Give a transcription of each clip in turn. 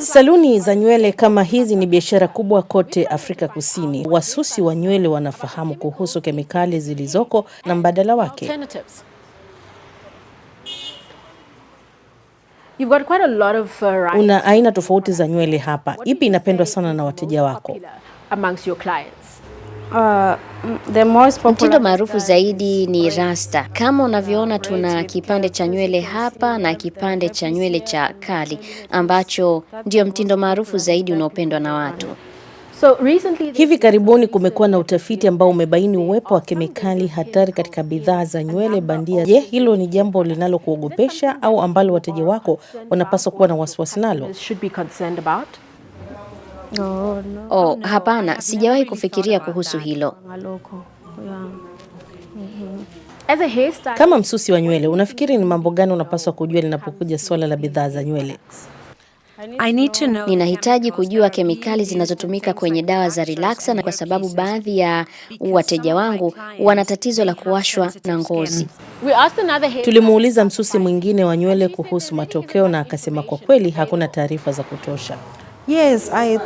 Saluni za nywele kama hizi ni biashara kubwa kote Afrika Kusini. Wasusi wa nywele wanafahamu kuhusu kemikali zilizoko na mbadala wake. Uh, Una aina tofauti za nywele hapa. Ipi inapendwa sana na wateja wako? Uh, mtindo maarufu zaidi ni rasta. Kama unavyoona, tuna kipande cha nywele hapa na kipande cha nywele cha kali ambacho ndio mtindo maarufu zaidi unaopendwa na watu. So recently... hivi karibuni kumekuwa na utafiti ambao umebaini uwepo wa kemikali hatari katika bidhaa za nywele bandia. Je, hilo ni jambo linalokuogopesha au ambalo wateja wako wanapaswa kuwa na wasiwasi nalo? Oh, oh, hapana, sijawahi kufikiria kuhusu hilo. Kama msusi wa nywele, unafikiri ni mambo gani unapaswa kujua linapokuja swala la bidhaa za nywele? Ninahitaji kujua kemikali zinazotumika kwenye dawa za relaxer na kwa sababu baadhi ya wateja wangu wana tatizo la kuwashwa na ngozi. Tulimuuliza msusi mwingine wa nywele kuhusu matokeo na akasema kwa kweli hakuna taarifa za kutosha. Yes, I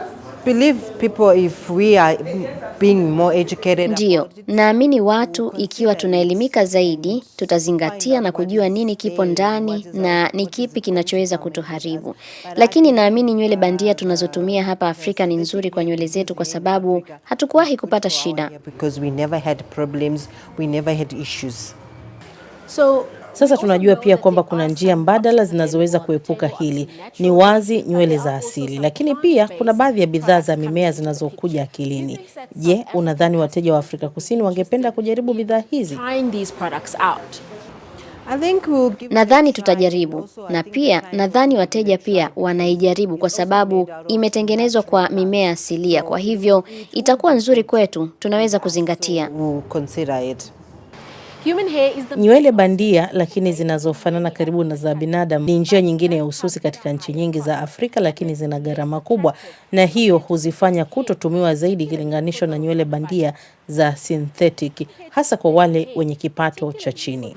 Ndiyo, naamini watu, ikiwa tunaelimika zaidi, tutazingatia na kujua nini kipo ndani na ni kipi kinachoweza kutuharibu. Lakini naamini nywele bandia tunazotumia hapa Afrika ni nzuri kwa nywele zetu, kwa sababu hatukuwahi kupata shida. So, sasa tunajua pia kwamba kuna njia mbadala zinazoweza kuepuka hili. Ni wazi nywele za asili, lakini pia kuna baadhi ya bidhaa za mimea zinazokuja akilini. Je, unadhani wateja wa Afrika Kusini wangependa kujaribu bidhaa hizi? Nadhani tutajaribu na pia nadhani wateja pia wanaijaribu kwa sababu imetengenezwa kwa mimea asilia, kwa hivyo itakuwa nzuri kwetu, tunaweza kuzingatia. Nywele bandia lakini zinazofanana karibu na za binadamu ni njia nyingine ya ususi katika nchi nyingi za Afrika, lakini zina gharama kubwa, na hiyo huzifanya kutotumiwa zaidi ikilinganishwa na nywele bandia za synthetic, hasa kwa wale wenye kipato cha chini.